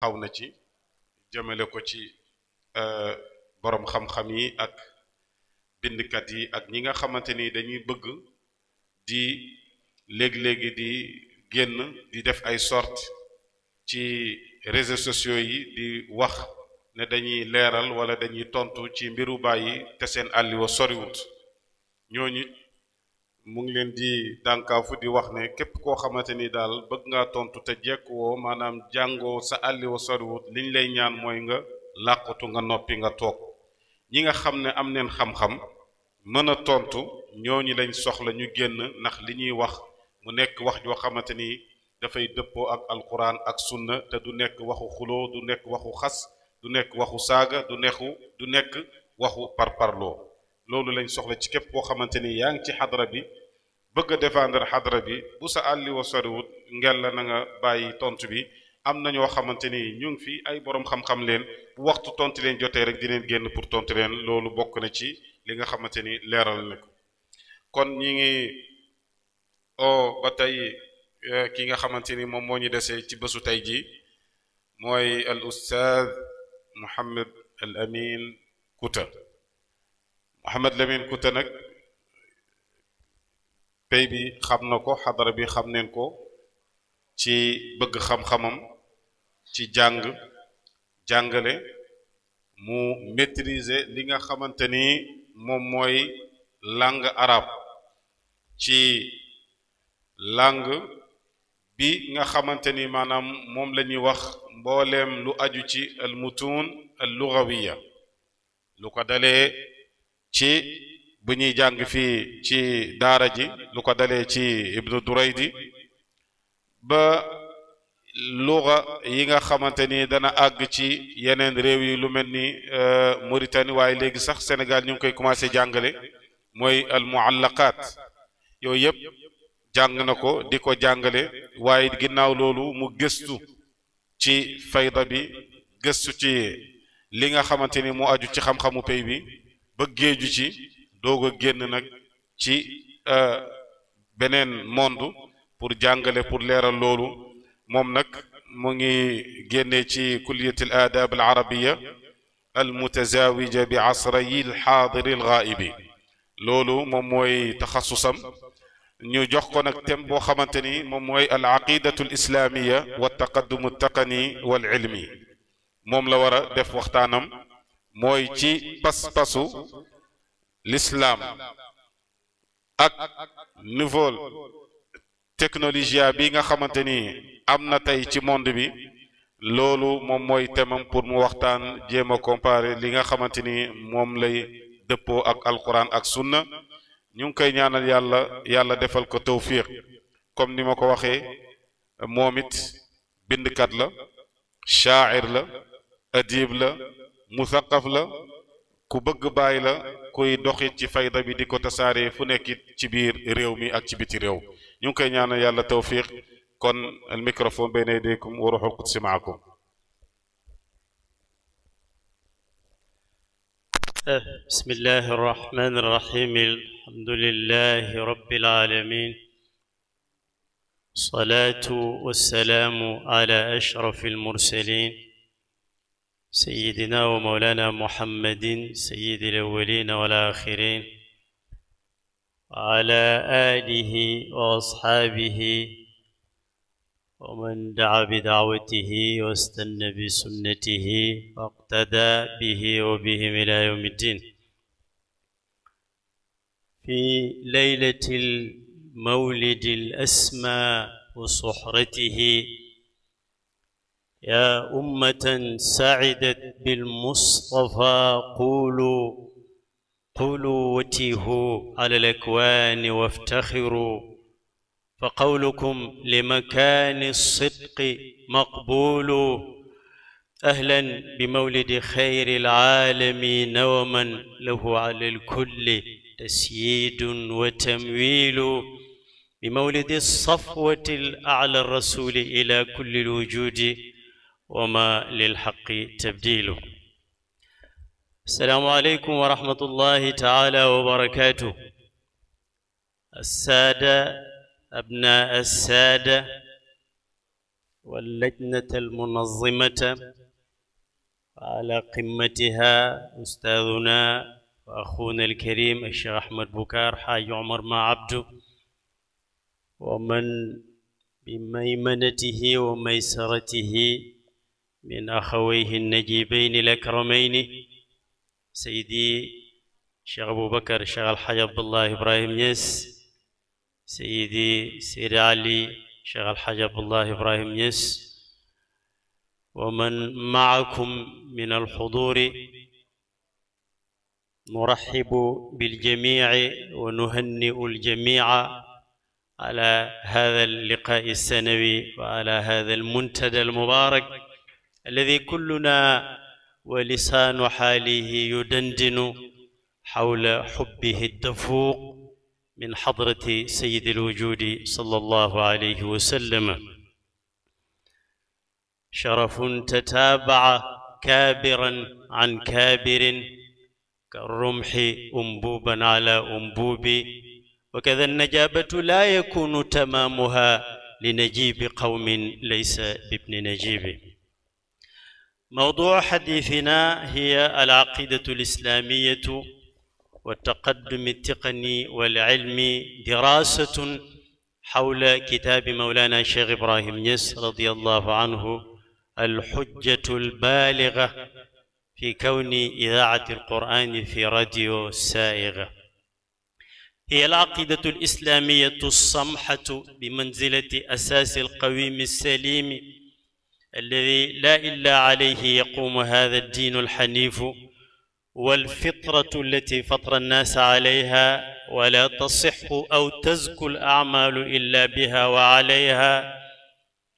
xaw na ci jamale ko ci euh, boroom xam-xam yi ak bindkat yi ak ñi nga xamante ni dañuy bëgg di léegi-léegi di génn di def ay sorte ci réseaux sociaux yi di wax ne dañuy leeral wala dañuy tontu ci mbiru bàyyi te seen àlliwa soriwut ñooñu mu ngi leen di dànkaafu di wax ne képp koo xamante ni daal bëgg ngaa tontu te jekk woo maanaam jàngoo sa àlli wa soriwut liñ lay ñaan mooy nga làqutu nga noppi nga toog ñi nga xam ne am neen xam-xam mën a tontu ñi lañ soxla ñu génn ndax li ñuy wax mu nekk wax joo xamante ni dafay dëppoo ak alquran ak sunna te du nekk waxu xuloo du nekk waxu xas du nekk waxu saaga du nekku du nekk waxu par parparloo loolu lañ soxla ci képp koo xamante ni yaa ngi ci xadara bi bëgg défendre hadra bi bu sa àlli wa sarut ngel la na nga bàyyi tontu bi am na ñoo xamanteni ñu ngi fi ay borom xam-xam leen waxtu tontu leen jotté rek di leen génn pour tontu leen loolu bokk na ci li nga xamanteni leral na ko kon ñi ngi o ba tey ki nga xamanteni mom mo ñu déssé ci bésu tay ji moy al ustaad Mouhamed al Amin Kouta Mouhamed Lamine Kouta nak pay bi xam na ko xadara bi xam neen ko ci bëgg xam-xamam ci jàng jàngale mu maîtriser li nga xamante ni moom mooy langue arab ci langue bi nga xamante ni maanaam moom la ñuy wax mbooleem lu aju ci al mutun al lugawiya lu ko dalee ci bu ñuy jàng fii ci daara ji lu ko dalee ci ibnu di ba luga yi nga xamante ni dana àgg ci yeneen réew yi lu mel ni euh, Mauritanie waaye léegi sax Sénégal ñu ngi koy commencé jàngale mooy al muallaqaat yooyu yëpp jàng na ko di ko jàngale waaye ginnaaw loolu mu gëstu ci fayda bi gëstu ci li nga xamante ni mu aju ci xam-xamu pay bi ba géeju ci doog génn nag ci beneen monde pour jàngale pour leeral loolu moom nag mu ngi génne ci kulliyat al aadab al arabiya al mutazawija bi asrayi al xaadiri al gaaibi loolu moom mooy taxasusam ñu jox ko nag tem boo xamante ni moom mooy al aqidatu al islamiya wa taqaddumu taqani al ilmi moom la war a def waxtaanam mooy ci pas-pasu l'islam ak niveau technologie bi nga xamanteni amna tay ci monde bi lolu mom moy temam pour mu waxtan jema comparer li nga xamanteni mom lay depo ak alquran ak sunna ñu ngi koy ñaanal yàlla yàlla defal ko tawfiq comme ni ma ko waxee moom it bindkat la shaacir la adib la muthaqqaf la ku bëgg bàyyi la kuy doxit ci fayda bi di ko tasaare fu nekkit ci biir réew mi ak ci biti réew ñu ngi koy ñaanal yàlla tawfiq kon al microphone bayna yadaykum wa ruhul qudsi maakum بسم الله الرحمن الرحيم الحمد لله رب العالمين الصلاة والسلام على أشرف المرسلين سيدنا ومولانا محمد سيد الأولين والآخرين وعلى آله وأصحابه ومن دعا بدعوته واستنى بسنته واقتدى به وبهم إلى يوم الدين في ليلة المولد الأسمى وصحرته يا أمة سعدت بالمصطفى قولوا قولوا وتيهوا على الأكوان وافتخروا فقولكم لمكان الصدق مقبول أهلا بمولد خير العالم نوما له على الكل تسييد وتمويل بمولد الصفوة الأعلى الرسول إلى كل الوجود وما للحق تبديله السلام عليكم ورحمة الله تعالى وبركاته السادة أبناء السادة واللجنة المنظمة على قمتها أستاذنا وأخونا الكريم الشيخ أحمد بكار حاج عمر ما عبده ومن بميمنته وميسرته من أخويه النجيبين الأكرمين سيدي الشيخ أبو بكر الشيخ الحاج عبد الله إبراهيم يس سيدي سير علي الشيخ الحاج عبد الله إبراهيم يس ومن معكم من الحضور نرحب بالجميع ونهنئ الجميع على هذا اللقاء السنوي وعلى هذا المنتدى المبارك الذي كلنا ولسان حاله يدندن حول حبه الدفوق من حضرة سيد الوجود صلى الله عليه وسلم شرف تتابع كابرا عن كابر كالرمح أنبوبا على أنبوب وكذا النجابة لا يكون تمامها لنجيب قوم ليس بابن نجيب موضوع حديثنا هي العقيدة الإسلامية والتقدم التقني والعلمي دراسة حول كتاب مولانا الشيخ إبراهيم يس رضي الله عنه الحجة البالغة في كون إذاعة القرآن في راديو سائغة هي العقيدة الإسلامية الصمحة بمنزلة أساس القويم السليم الذي لا إلا عليه يقوم هذا الدين الحنيف والفطرة التي فطر الناس عليها ولا تصح أو تزكو الأعمال إلا بها وعليها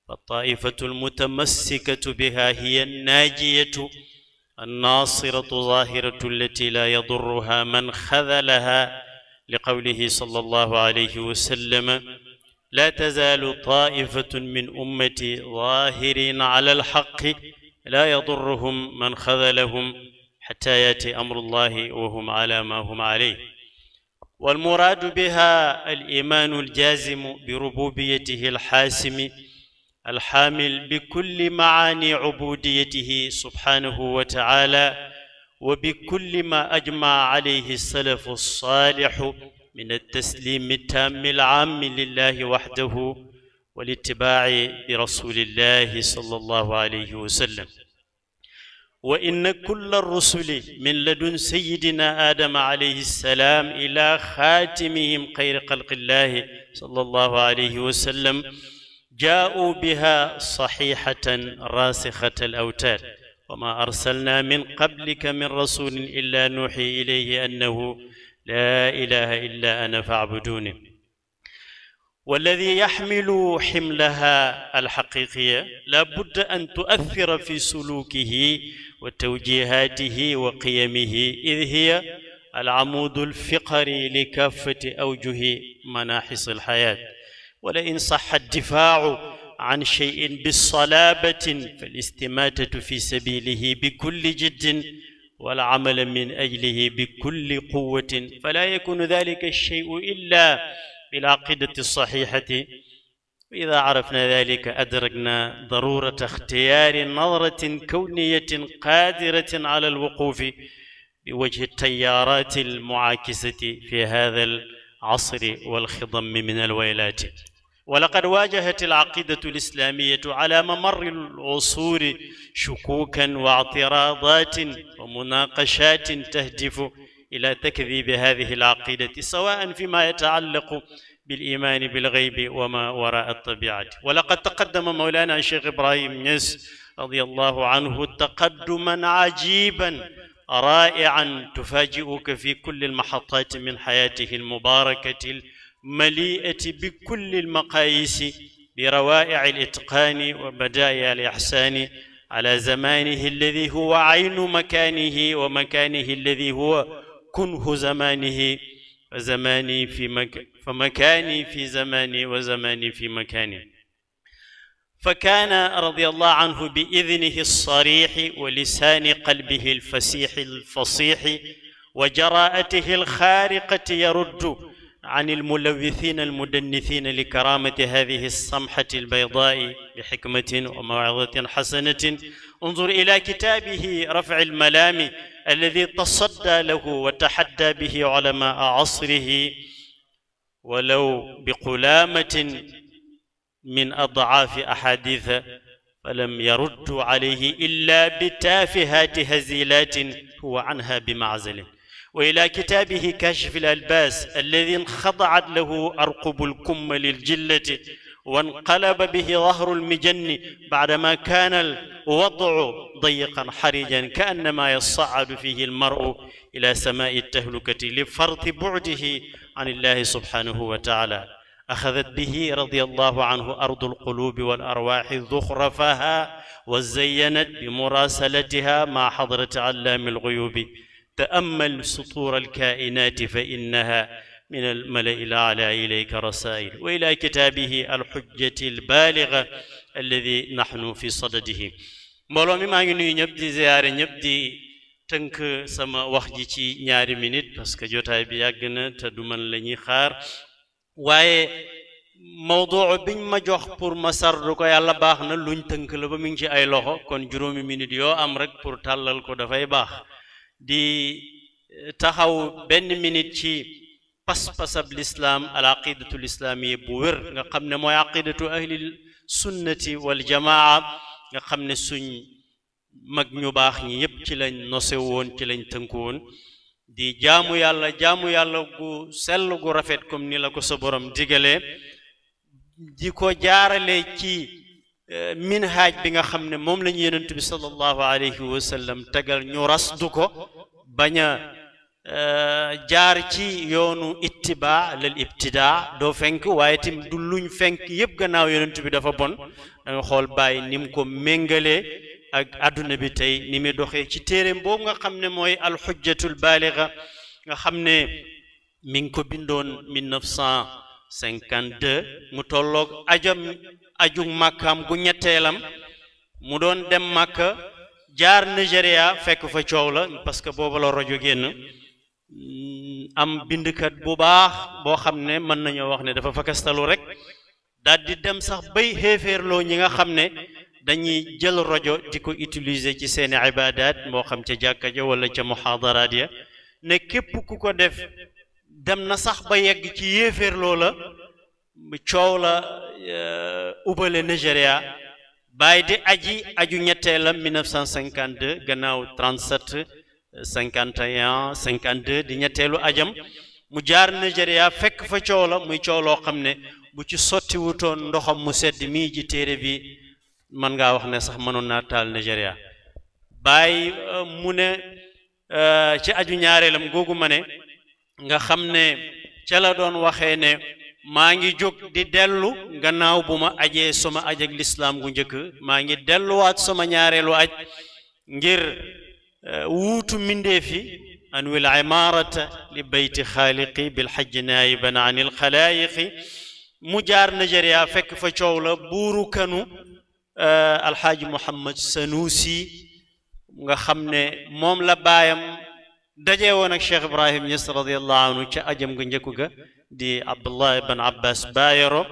فالطائفة المتمسكة بها هي الناجية الناصرة ظاهرة التي لا يضرها من خذلها لقوله صلى الله عليه وسلم لا تزال طائفة من أمتي ظاهرين على الحق لا يضرهم من خذلهم حتى يأتي أمر الله وهم على ما هم عليه والمراد بها الإيمان الجازم بربوبيته الحاسم الحامل بكل معاني عبوديته سبحانه وتعالى وبكل ما أجمع عليه السلف الصالح من التسليم التام العام لله وحده والاتباع برسول الله صلى الله عليه وسلم وإن كل الرسل من لدن سيدنا آدم عليه السلام إلى خاتمهم خير خلق الله صلى الله عليه وسلم جاءوا بها صحيحة راسخة الأوتاد وما أرسلنا من قبلك من رسول إلا نوحي إليه أنه لا إله إلا أنا فاعبدوني والذي يحمل حملها الحقيقية لا بد أن تؤثر في سلوكه وتوجيهاته وقيمه إذ هي العمود الفقري لكافة أوجه مناحص الحياة ولئن صح الدفاع عن شيء بصلابة فالاستماتة في سبيله بكل جد والعمل من أجله بكل قوة فلا يكون ذلك الشيء إلا بالعقيدة الصحيحة وإذا عرفنا ذلك أدركنا ضرورة اختيار نظرة كونية قادرة على الوقوف بوجه التيارات المعاكسة في هذا العصر والخضم من الويلات ولقد واجهت العقيدة الإسلامية على ممر العصور شكوكا واعتراضات ومناقشات تهدف إلى تكذيب هذه العقيدة سواء فيما يتعلق بالإيمان بالغيب وما وراء الطبيعة ولقد تقدم مولانا الشيخ إبراهيم يس رضي الله عنه تقدما عجيبا رائعا تفاجئك في كل المحطات من حياته المباركة مليئة بكل المقاييس بروائع الإتقان وبدايا الإحسان على زمانه الذي هو عين مكانه ومكانه الذي هو كنه زمانه وزماني في مك... فمكاني في زماني وزماني في مكاني فكان رضي الله عنه بإذنه الصريح ولسان قلبه الفسيح الفصيح وجراءته الخارقة يرد عن الملوثين المدنثين لكرامة هذه الصمحة البيضاء بحكمة وموعظة حسنة انظر إلى كتابه رفع الملام الذي تصدى له وتحدى به علماء عصره ولو بقلامة من أضعاف أحاديث فلم يرد عليه إلا بتافهات هزيلات هو عنها بمعزل وإلى كتابه كشف الألباس الذي انخضعت له أرقب الكم للجلة وانقلب به ظهر المجن بعدما كان الوضع ضيقا حرجا كأنما يصعد فيه المرء إلى سماء التهلكة لفرط بعده عن الله سبحانه وتعالى أخذت به رضي الله عنه أرض القلوب والأرواح ذخرفها وزينت بمراسلتها مع حضرة علام الغيوب تأمل سطور الكائنات فإنها من الملئ الأعلى إليك رسائل وإلى كتابه الحجة البالغة الذي نحن في صدده مولو مما أن نبدي زيارة نبدي تنك سما وخجيكي نياري منت بس كجوتا بيأغن تدومن لني خار وي موضوع بين ما جوخ بور مسار روكو يالا باخنا لون تنك لبا منجي اي لوخو كون جرومي منت يو أمرك بور تالل كو دفاي باخ di eh, taxaw benn minute ci pas-pasab lislaam al aqidatu lislaamiya bu wér nga xam ne mooy aqidatu ahli sunnati wal jamaa nga xam ne suñ mag ñu baax ñi yépp ci lañ nose woon ci lañ tënku woon di jaamu yàlla jaamu yàlla gu sell gu rafet comme ni la ko sa borom digalee jaarale ci min euh, minhaaj bi nga xam ne moom lañu yonent bi sallallahu alayhi wa sallam tegal ñu rasdu ko bañ euh, jaar ci yoonu ittibaa lal ibtidaa doo fenk waaye tim du luñ fenk yëpp gannaaw yonent bi dafa bon da xool bàyyi ni mu ko méngalee ak adduna bi tey ni mu doxee ci téere boobu nga xam ne mooy alxujjatul baaliga nga xam ne mi ngi ko bindoon 1900 52 mu tolok ajam ajung makam gunya ñettelam mu dem makka jar nigeria fekk fa pas ke que bobu la mm, am bindukat bu bawah bo mana man nañu wax ne dafa fakastalu rek dal di dem sah bay hefer lo ñi nga xamne dañuy jël rojo diko utiliser ci ibadat bawah xam ci jakka ja wala ci ya. ne kep dem na sax ba yegg ci la loola coow la e, ubale Nigeria bàyyi di aji aju ñetteelam 1952 gannaaw 37 51 52 di ñetteelu ajam mu jaar Nigeria fekk fa coow la muy coow loo xam ne bu ci sotti ndoxam mu sedd mii ji téere bi mën ngaa wax ne sax mënoon naa taal Nigeria bàyyi e, mu ne e, ci aju ñaareelam googu ma ne nga xamne ci la doon waxé né ma ngi jog di delu gannaaw buma ajé suma aj ak l'islam gu ñëk ma ngi delu wat suma ñaarelu aj ngir wutu minde fi an wil imarat li bayt khaliqi bil hajj naiban an khalaiq mu nigeria fekk fa ciow la buru kanu al hajj muhammad sanusi nga xamne mom la bayam دجاونا شيخ ابراهيم يسر رضي الله عنه چا اجم گنجكوگا دي عبد الله بن عباس بايرو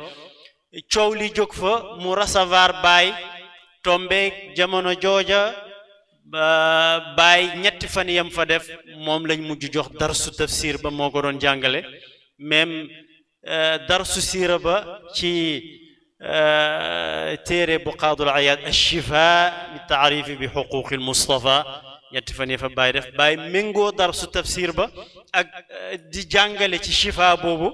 چولي جوكفا مورسا وار باي تومبي جامونو جوجا باي نيت فان يم فا ديف موم لاج موجو جوخ درس تفسير با موكو دون جانغالي ميم درس سيره با تي تيري بقاض العياد الشفاء للتعريف بحقوق المصطفى ñetti fan ya fa bàyyi def bàyyi méngoo dar su tafsir ba ak eh, di jàngale ci chifa boobu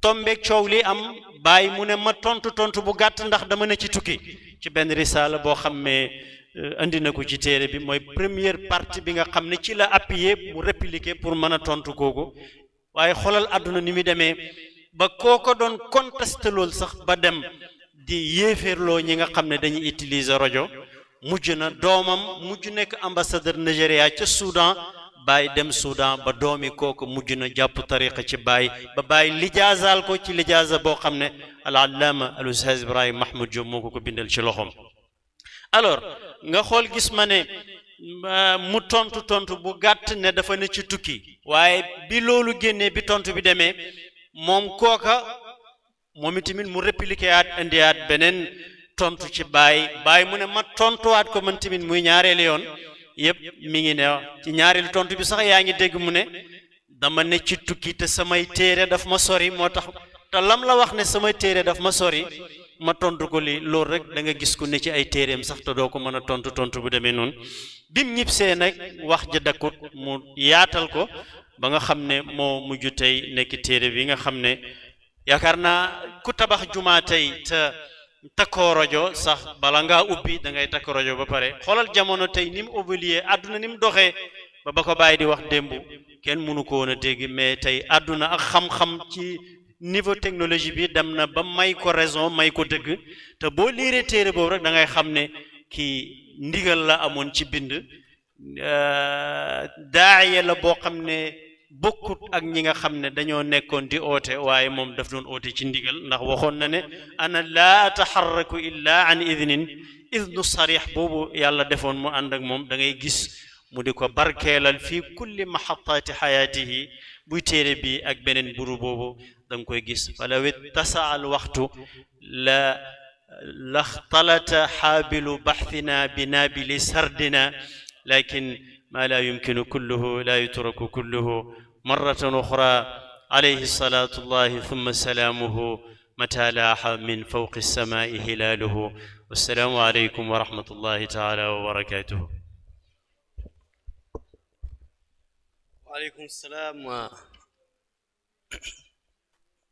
tombeeg coow li am bàyyi mu ne ma tontu tontu bu gàtt ndax dama ne ci tukki ci benn risaala boo xam ne indi eh, na ko ci téere bi mooy première partie bi nga xam ne ci la appuyé mu répliquer pour mën a tontu kooku waaye xoolal àdduna ni muy demee ba koo ko doon contesté loolu sax ba dem di yéeféerloo ñi nga xam ne dañuy utiliser rajo mujj na doomam mujj nekk ambassadeur Nigéria ca Soudan baay dem Soudan ba doomi kooku mujj na jàpp tariqa ci baay ba baay lijaazaal ko ci lijaaza boo xam ne al allaama al ustaaz Ibrahim Mahmoud Diop moo ko ko bindal ci loxoom alors nga xool gis ma ne euh, mu tontu tontu bu gàtt ne dafa ne ci tukki waaye bi loolu génnee bi tontu bi demee moom kooka moom itamit mu répliqué aat indiaat beneen tontu ci baay baay mu ne ma tontuwaat ko man tamit muy ñaareelu yoon yëpp mi ngi ne ci ñaareelu tontu bi sax yaa ngi dégg mu ne dama ne ci tukki te samay téere dafa ma sori moo tax te lam la wax ne samay téere daf ma sori ma tont ko li loolu rek da nga gis ku ne ci ay téereem sax te doo ko mën a tontu tontu bu demee noonu bim ñibsee nag wax ja dakkut mu yaatal ko ba nga xam ne moo mujj tey nekk téere bi nga xam ne yaakaar naa ku tabax jumaa takkoo rajo sax bala nga ubbi da ngay takk rajo ba pare xolal jamono tey ni mu évolué àdduna ni mu doxee ba ba ko bàyyi di wax démb kenn mënu ko woon a dégg mais tey àdduna ak xam-xam ci niveau technologie bi dem na ba may ko raison may ko dégg te boo liiree téere boobu rek da ngay xam ne kii ndigal la amoon ci bind daaye la boo xam ne bokut ak ñi nga xamne dañoo nekkon di oté waye mom daf doon oté ci ndigal ndax waxon na ne ana la taharraku illa an idhnin idhnu sarih boobu yàlla defon mu ànd ak mom da ngay gis mu diko barkelal fi kulli mahattati hayatihi bu téré bi ak benen buru boobu dang koy gis falaw wit tasal waqtu la laxtalata xaabilu baxtina bi naabili sardina lakin ما لا يمكن كله لا يترك كله مرة أخرى عليه الصلاة الله ثم سلامه متى لاح من فوق السماء هلاله والسلام عليكم ورحمة الله تعالى وبركاته وعليكم السلام و...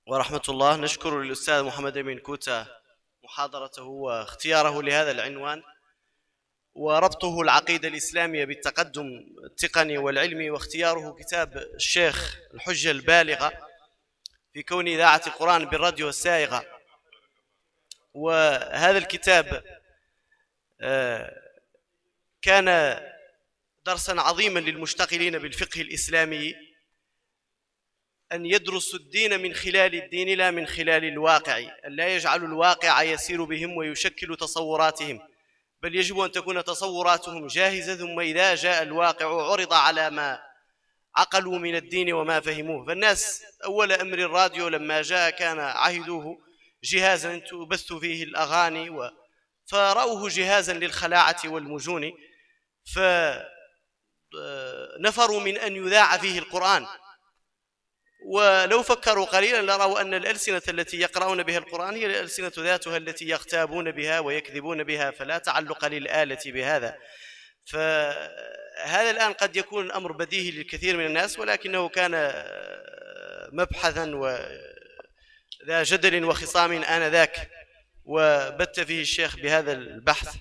ورحمة الله نشكر الأستاذ محمد أمين كوتا محاضرته واختياره لهذا العنوان وربطه العقيدة الإسلامية بالتقدم التقني والعلمي واختياره كتاب الشيخ الحجة البالغة في كون إذاعة القرآن بالراديو السائغة وهذا الكتاب آه، كان درسا عظيما للمشتغلين بالفقه الإسلامي أن يدرسوا الدين من خلال الدين لا من خلال الواقع أن لا يجعلوا الواقع يسير بهم ويشكل تصوراتهم بل يجب أن تكون تصوراتهم جاهزة ثم إذا جاء الواقع عرض على ما عقلوا من الدين وما فهموه فالناس أول أمر الراديو لما جاء كان عهدوه جهازا تبث فيه الأغاني و... فرأوه جهازا للخلاعة والمجون فنفروا آه، من أن يذاع فيه القرآن ولو فكروا قليلا لرأوا أن الألسنة التي يقرأون بها القرآن هي الألسنة ذاتها التي يغتابون بها ويكذبون بها فلا تعلق للآلة بهذا فهذا الآن قد يكون الأمر بديهي للكثير من الناس ولكنه كان مبحثا وذا جدل وخصام آنذاك وبت فيه الشيخ بهذا البحث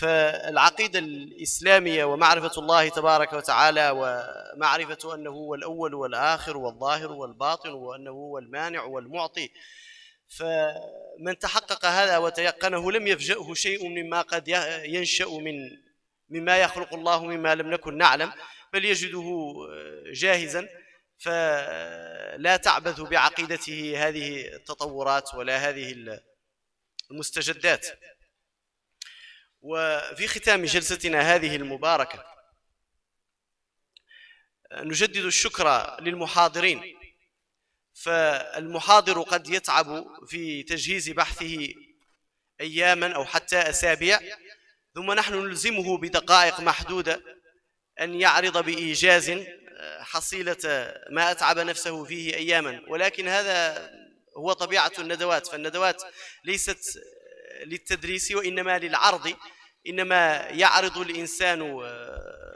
فالعقيدة الإسلامية ومعرفة الله تبارك وتعالى ومعرفة أنه هو الأول والآخر والظاهر والباطن وأنه هو المانع والمعطي فمن تحقق هذا وتيقنه لم يفجأه شيء مما قد ينشأ من مما يخلق الله مما لم نكن نعلم بل يجده آه، جاهزا فلا تعبث بعقيدته هذه التطورات ولا هذه المستجدات وفي ختام جلستنا هذه المباركة نجدد الشكر للمحاضرين فالمحاضر قد يتعب في تجهيز بحثه أياما أو حتى أسابيع ثم نحن نلزمه بدقائق محدودة أن يعرض بإيجاز آه، حصيلة آه، ما أتعب نفسه فيه أياما ولكن هذا هو طبيعة الندوات فالندوات ليست آه، للتدريس وإنما للعرض انما يعرض الانسان آه،